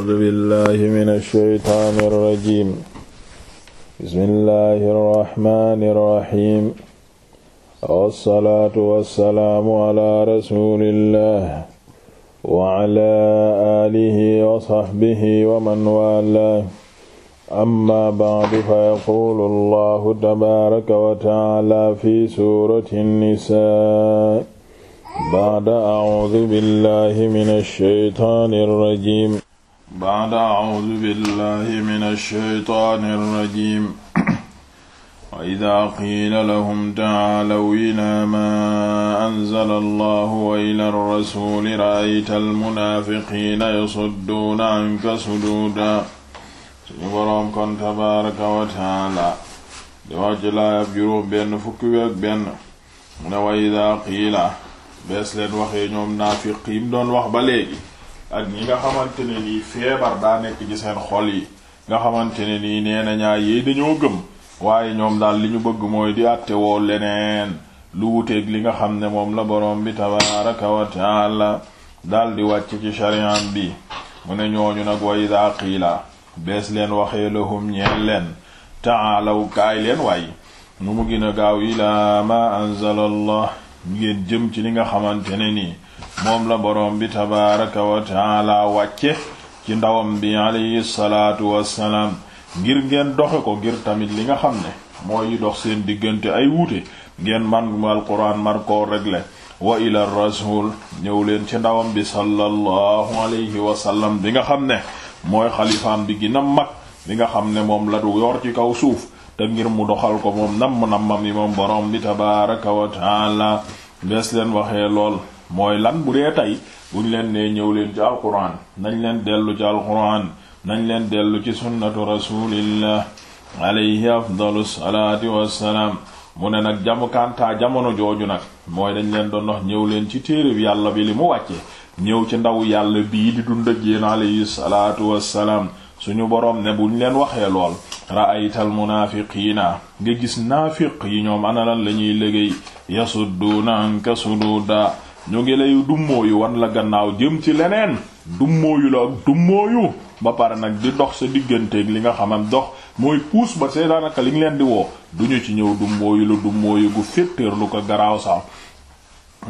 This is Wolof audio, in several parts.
A'uuzu billaahi mina shaytaani rajiim bismillaahi rahmaani rahiim wassalaatu wassalaamu alaa rasuulillaah wa alaa aalihi wa sahbihi wa man waalaah amma ba'du fa yaquulu Allaahu tabaaraka wa ta'aalaa fi suurati nisaa ba'da a'uuzu billaahi mina shaytaani rajiim baada acuudu billahi min alshaytaani alrajim wa ida qiila lahum tacaalaw ila maa anzala allahu wa ila alrasuli raayta almunaafiqiina yasudduuna anka suduuda suñu boroom kon tabaaraka wa tacaala di wax ci laayab juróom benn fukki week benn mu ne wa ida qiila bees leen waxee ñoom naafiq yi mu doon wax ba léegi ak ñi nga xamante ne nii feebar daa nekk ci seen xol yi nga xamante ne nii nee na ñaa dañoo gëm waaye ñoom daal li ñu bëgg mooy di àtte woo leneen lu wuteeg li nga xam ne moom la borom bi tabaraka wa taala daal di wàcc ci charian bi mu ne ñooñu nag way daa qiila bees leen waxee lahum ñeel leen taalaw leen waay nu mu gën a gaaw ilaa ma anzala allah ngeen jëm ci li nga xamante ne nii moom la boroom bi tabaaraka wa taala wàcce ci ndawam bi alayhi salaatu ngir ngeen doxe ko ngir tamit li nga xam ne mooy dox seen diggante ay wuute ngeen man alquran mar koo régler wa ila rasul ñëw leen ci ndawam bi sallallahu alayhi wasallam bi nga xam ne mooy xalifaam bi gina mag bi nga xam ne moom la du yor ci kaw suuf te ngir mu doxal ko moom namm nammam yi moom boroom bi tabaaraka wa taala bees leen waxee lool mooy lan bu dee tey buñ leen nee ñëw leen ci alquran nañ leen dellu ci alquran nañ leen dellu ci sunnatu rasulillah alayhi afdalu salaati wassalaam mu ne nag jamu kantaa jamono jooju nag mooy dañ leen doon wax ñëw leen ci téere bi yàlla bi li mu wàcce ñëw ci ndaw yàlla bii di dund ak yéen alayhi salaatu wassalaam suñu boroom ne buñ leen waxee lool ra'aytal munaafiqiina nga gis naafiq yi ñoom ana lan la ñuy liggéey yasudduuna anka suduuda ñu ngi lay dummóoyu wan la gannaaw jëm ci leneen dummóoyu la ak dummóoyu ba pare nag di dox sa digganteeg li nga xamam dox mooy puus ba see daanaka li nga leen di woo duñu ci ñëw dummóoyu la dummóoyu gu féttéer lu ko garaaw sax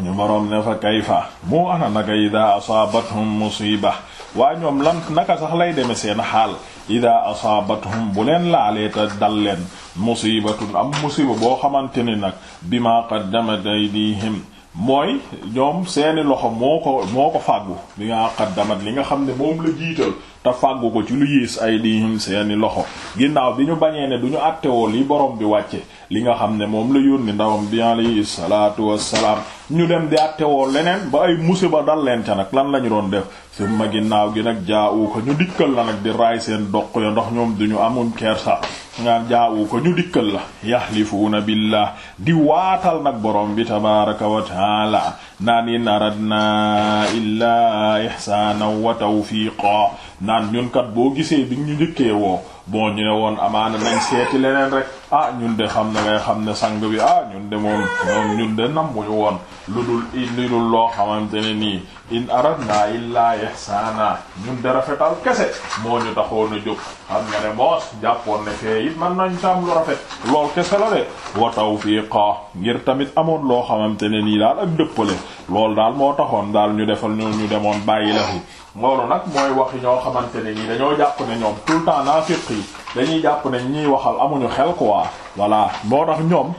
ñu boroom ne fa kayfa moo ana naka ida asaabathum musiba waa ñoom lan naka sax lay deme seen xaal ida asaabathum bu leen laaleeta dal leen musibatun am musiba boo xamante ni nag bi bima qaddamat aydihim mooy ñoom seeni loxo moo ko moo ko fàggu bi nga qaddamat li nga xam ne moom la jiital te fàggu ko ci lu yiis ay dihim seeni loxo ginnaaw bi ñu bañee ne du ñu àttewoo li borom bi wàcce li nga xam ne moom la yónni ndawam bi alayhi salaatu wassalaam ñu dem di àttewoo leneen ba ay musiba dal leen ca nag lan la ñu doon def ma ginnaaw gi nag jaa u ko ñu dikkal la nag di raay seen doq ya ndax ñoom du ñu amul kersa ngaan jaawu ko ñu dikkal la yaxlifuuna billah di waatal nag borom bi tabaraka wa taala naan in aradna illaa ihsaanan wa tawfiiqa naan ñun kat boo gisee bi ñu njëkkee bon ñu ne woon amaana nañ seeti leneen rek ah ñun de xam na ngay xam ne sang bi ah ñun de moom ñun de nambuñu woon lu dul lu dul loo xamante ne nii in aradna illa ihsana ñun de rafetal kese moo ñu taxoon a jóg xam nga ne moos jàppoon ne fee it man nañ tam lu rafet lool kese la de wa tawfiqa ngir tamit amoon loo xamante ne nii daal ak dëppale loolu daal moo taxoon daal ñu defal ñu ñu demoon bàyyi la fi loolu nag mooy waxi ñoo xamante ne ñi dañoo jàpp ne ñoom tout le temps naafiq yi dañuy jàpp ne ñiy waxal amuñu xel quoi voilà moo tax ñoom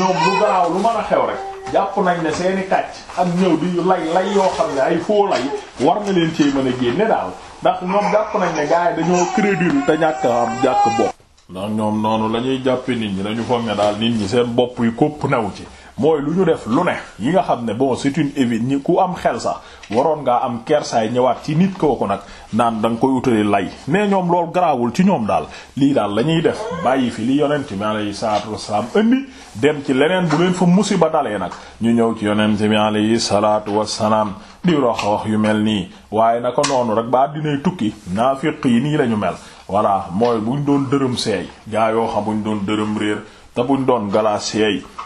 ñoom a xew rek jàpp nañ ne seeni kàcc ak ñëw di lay lay xam ne ay foo lay war na leen cee mën a génne daal ndax ñoom jàpp nañ ne gars yi dañoo crédule te ñàkk am jàkk bopp ndax ñoom noonu lañuy ñuy jàppe nit ñi dañu foog ne daal nit ñi seen bopp yu kopp new ci mooy lu ñu def lu ne yi nga xam ne bon c'est une évidence ku am xel sax waroon ngaa am kersaay ñëwaat ci nit kooku nag naan da nga koy utali lay mais ñoom loolu garaawul ci ñoom daal lii daal la ñuy def bàyyi fi li yonent bi alayhi salaatu wasalaam indi dem ci leneen bu leen fa musiba dalee nag ñu ñëw ci yonent bi alayhi salaatu wasalaam di rox wax yu mel nii waaye naka noonu rek ba dinay tukki naafiq yi nii lañu mel voilà mooy buñ doon dërëm seey gaa yoo xam buñ doon dërëm réer te buñ doon galaa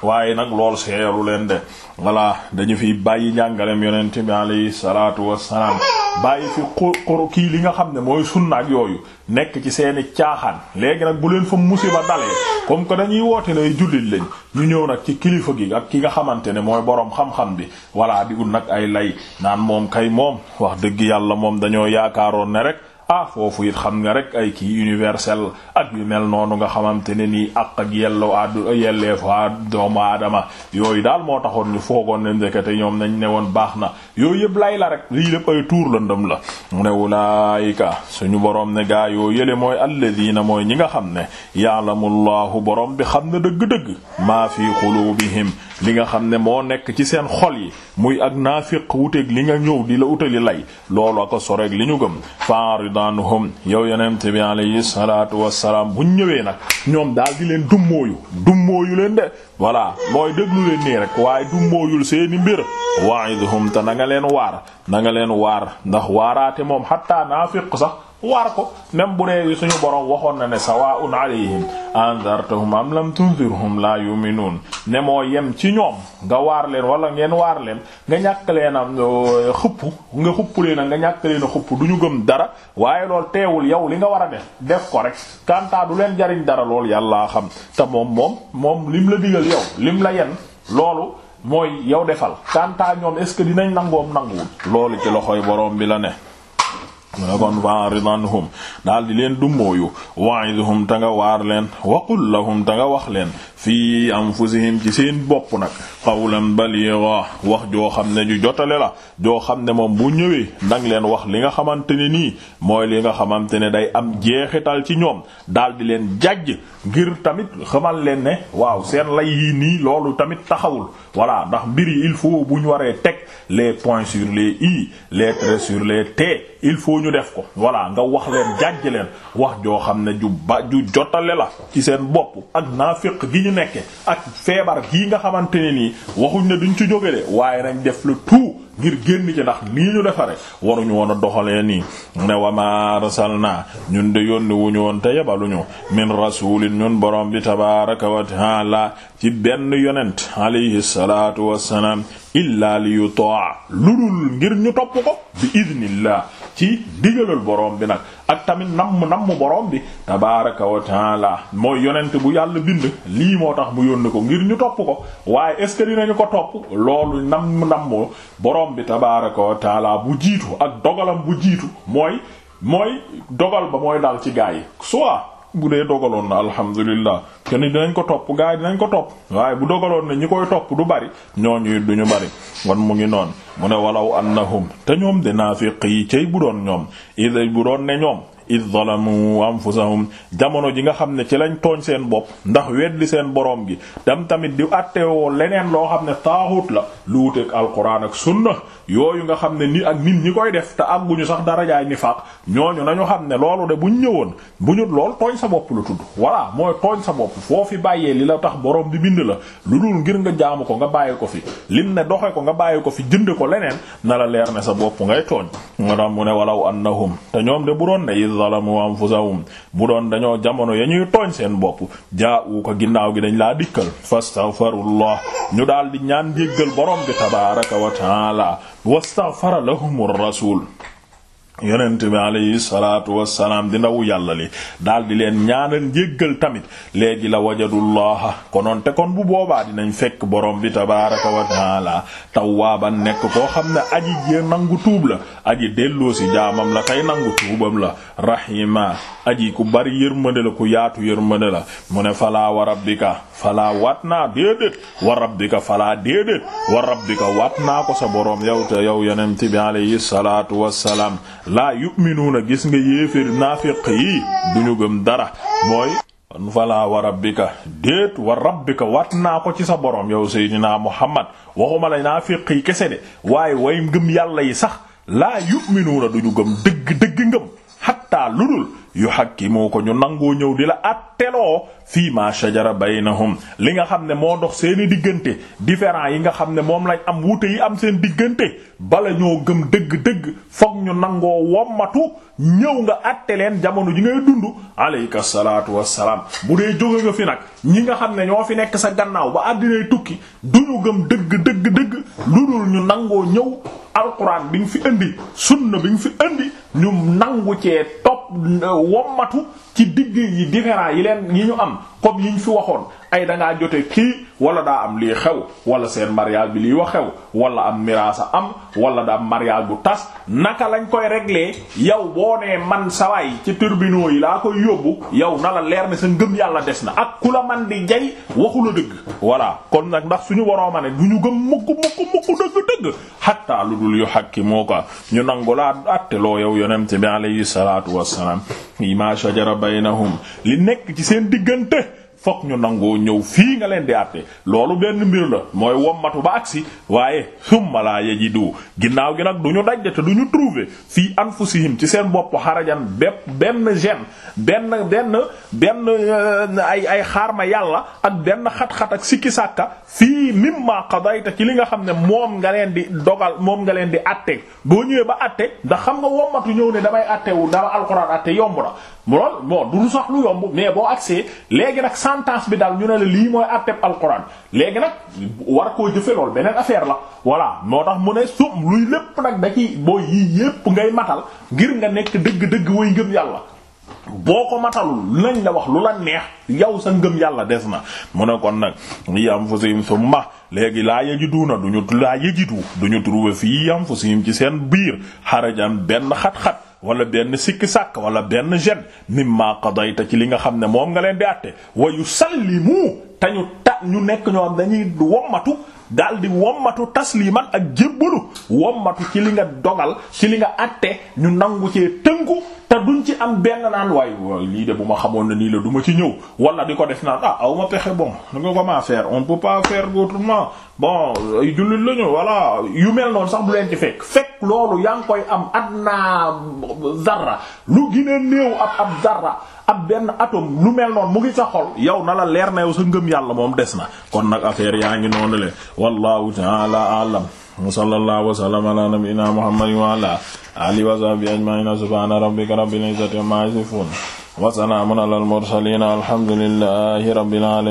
waaye nag lool seeyalu leen de voilà dañu fi bàyyi njàngalem yonent bi alayhi salaatu wassalaam bàyyi fi xur kii li nga xam ne mooy sunna ak yooyu nekk ci seeni caaxaan léegi nag bu leen fa musiba dalee comme que dañuy woote lay jullit lañ ñu ñëw nag ci kilifa gi ak ki nga xamante ne mooy boroom xam-xam bi voilà di nag ay lay naan moom kay moom wax dëgg yàlla moom dañoo yaakaaroon ne rek ah foofu it xam nga rek ay kii universel ak yu mel noonu nga xamante ne nii ak ak yello addu yelleefu doomu aadama yooyu daal moo taxoon ñu foogoon ne ndekete ñoom nañ ne woon baax na yooyu yëpp lay la rek lii lépp ay tuur la ndëm la mu ne wulaayika suñu boroom ne gaa yoo yële mooy alladina mooy ñi nga xam ne ya'lamullahu boroom bi xam na dëgg-dëgg maa fi qulubihim li nga xam ne moo nekk ci seen xol yi muy ak naafiq wuteek li nga ñëw di la utali lay loolu li yarda anhum yow yonent bi alayhi salaatu wassalaam bu ñëwee nag ñoom daal di leen dummóoyu dummóoyu leen de voilà mooy déglu leen nii rek waaye dummóoyul seeni mbir wa'idhum te na nga leen waar na nga leen waar ndax waaraate moom xatta naafiq sax waar ko même bu dee suñu borom waxoon na ne sawaa'un alayhim anzartahum am lam tunzirhum la yu'minun ne moo yem ci ñoom nga waar leen wala ngeen waar leen nga ñàkk leen a euh, xupp nga xupp leen a nga ñàkk leen a xupp du ñu gëm dara waaye lool teewul yow li nga war a def def ko rek kantaa du leen jariñ dara lool yàllaa xam te moom moom moom lim la digal yow lim la yen loolu mooy yow defal kantaa ñoom est ce que dinañ nangoom nanguwul loolu ci loxoy borom bi la ne mu ne kon fa'ridanhum daal di leen dummóoyu wa'idhum ta nga waar leen waqul lahum ta nga wax leen fii anfusihim ci seen bopp nag qawlan baligha wax joo xam ne ju jotale la joo xam ne moom bu ñëwee dang leen wax li nga xamante ne nii mooy li nga xamante ne day am jeexital ci ñoom daal di leen jàjj ngir tamit xamal leen ne waaw seen lay yii nii loolu tamit taxawul voilà ndax mbir yi il faut bu ñu waree teg les points sur les i les traits sur les t il faut ñu def ko voilà nga wax leen jàjj leen wax joo xam ne ju ba ju jotale la ci seen bopp ak naafiq gi ñu nekke ak feebar gii nga xamante ne nii waxuñ ne duñ ci jógele waaye nañ def le tout ngir génn ci ndax nii ñu defare ñu woon a doxalee nii ne wama arsalna ñun de yónni wuñu woon te yebaluñu min rasulin ñun borom bi tabaraka wa la ci benn yonent alayhi salatu wassalaam illa li yutaa ludul ngir ñu topp ko bi idnillah ci digalal borom bi nag ak tamit nam mu nam mu borom bi tabaraka wa taala mooy yonent bu yàlla bind lii moo tax mu yónni ko ngir ñu topp ko waaye est ce ko topp loolu nam mu nam mu borom bi tabaraka wa bu jiitu ak dogalam bu jiitu mooy mooy dogal ba mooy dal ci gaa yi soit bu dee dogaloon na alhamdulillah kenn dinañ ko topp gars yi dinañ ko topp waaye bu dogaloon na ñi koy topp du bari ñooñu duñu bari wan mu ngi noon mu ne walaw annahum te ñoom de naafiq yi cay bu doon ñoom ida bu doon ne ñoom id zalamu anfusahum jamono ji nga xam ne ci lañ tooñ seen bopp ndax weddi seen borom gi tam tamit di àttewoo leneen loo xam ne taaxut la lu wuteeg alquran ak sunna yooyu nga xam ne ni ak nit ñi koy def te àgguñu sax darajaay nifaaq ñooñu nañu xam ne loolu de buñ ñëwoon bu ñu lool tooñ sa bopp lu tudd voilà mooy tooñ sa bopp foofi bàyyee li la tax borom bi bind la lu dul ngir nga jaamu ko nga bàyyi ko fi lim ne doxe ko nga bàyyi ko fi jënd ko leneen na leer ne sa bopp ngay tooñ nga dam mu ne walaw zalamu anfusahum bu doon dañoo jamono ya ñuy tooñ seen bopp jaa'u ko ginnaaw gi dañ laa dikkal fastaghfarullah ñu daal di ñaan jéggal borom bi tabaaraka wa taala wastaghfara lahumur rasul yonent bi alayhi salaatu wassalaam di ndaw yàlla li daal di leen ñaanal njéggal tamit léegi la wajadullaha konoon te kon bu boobaa dinañ fekk borom bi tabaaraka wa taala tawwaaban nekk koo xam ne aji jee nangu tuub la aji delloo si jaamam la tey nangu tuubam la rahima aji ku bari yërmande la ku yaatu yërmande la mu ne falaa wa rabbika falaa waat naa déedéet wa rabbika falaa déedéet wa rabbika waat naa ko sa borom yow te yow yeneen bi alayhi salaatu laa yu'minuuna gis nga yéeféer naafiq yi du ñu gëm dara mooy fala wa rabbika déet wa rabbika wat naa ko ci sa borom yow seydinaa muhammad waxuma la naafiq yi kese de waaye way ngëm yàlla yi sax laa yu'minuuna duñu gëm dëgg dëgg ngëm xatta ludul yu hakkimu ko ñu nangoo ñëw di la atteloo fii ma shajara baynahum li nga xam ne moo dox seeni diggante différent yi nga xam ne moom lañ am wuute yi am seen diggante bala ñoo gëm dëgg-dëgg foog ñu nangoo wommatu ñëw nga àtte leen jamono ji ngay dund aleyka salaatu wassalaam bu dee jóge nga fi nag ñi nga xam ne ñoo fi nekk sa gannaaw ba àddinay tukki duñu gëm dëgg dëgg dëgg lu dul ñu nangoo ñëw alquran bi nga fi indi sunna bi nga fi indi ñu nangu cee topp wommatu ci digg yi différents yi leen yi ñu am comme yi ñu fi waxoon ay danga jote kii wala daa am lii xew wala seen mariage bi lii wax xew wala am miraasa am wala daa am mariage bu tas naka lañ koy régler yow boo nee man sawaay ci tribunaux yi laa koy yóbbu yow na la leer ne sa ngëm yàlla des na ak ku la man di jay waxu la dëgg voilà kon nag ndax suñu waroo ma ne du ñu gëm mukk mukk mukk dëgg dëgg xatta lu dul yu xakki moo ko ñu nangu laa àtte loo yow yonent bi alayhi salaatu wassalaam ma shajara baynahum li nekk ci seen diggante fokk ñu nangoo ñëw fii nga leen di àtte loolu benn mbir la mooy wommatu ba agsi waaye summa laa yajidu ginnaaw gi nag du ñu dajde te du ñu trouver fii anfusihim ci seen bopp xarajan bépp benn gene benn benn benn euh, ay ay xaar ma yàlla ak benn xat-xat ak sikki sàkka fii mimma qadayta ci li nga xam ne moom nga leen di dogal moom nga leen di àtte boo ñëwee ba àtte ndax xam nga wommatu ñëw ne damay àtte wu dama alxuraan àtte yomb na mu lool bon du sax lu yomb mais boo agsee léegi nag sentence bi daal ñu ne la lii mooy atteb alquran léegi nag war koo jëfe lool beneen affaire la voilà moo tax mu ne sum luy lépp nag da boo yii yépp ngay matal ngir nga nekk dëgg-dëgg way ngëm yàlla boo ko matalul nañ la wax lu la neex yow sa ngëm yàlla des na mu ne kon nag yi am fu siim summa léegi laa yajidu na duñu laa yajidu duñu trouver fii am fu siim ci seen biir xarajam benn xat-xat wala benn sikki sàkk wala benn gene mimma qadayta ci li nga xam ne moom nga leen di àtte wa yusallimu te ñu ta ñu nekk ñoo am dañuy wommatu daal di wommatu tasliman ak jébbalu wommatu ci li nga dogal ci li nga àtte ñu nangu cee tënku te duñ ci am benn naan waaye lii de bu ma xamoon na nii la du ci ñëw wala di ko def naan ah aw ma pexe bon nu nga comment faire on peut pas faire autrement bon ay jullit la ñu yu mel noonu sax bu leen ci fekk fekk loolu yaa ngi koy am adna zarra lu gën néew ab ab zarra ab benn atome lu mel noonu mu ngi sa xol yow na la leer na yow sa ngëm yàlla moom des na kon nag affaire yaa ngi noonu le wallahu ta'ala a'lam wa sallallahu wa sallama ala nabiyyina muhammadin wa ala alihi wa sahbihi ajma'in subhana rabbika rabbil izzati amma yasifun wa salamun ala al mursalin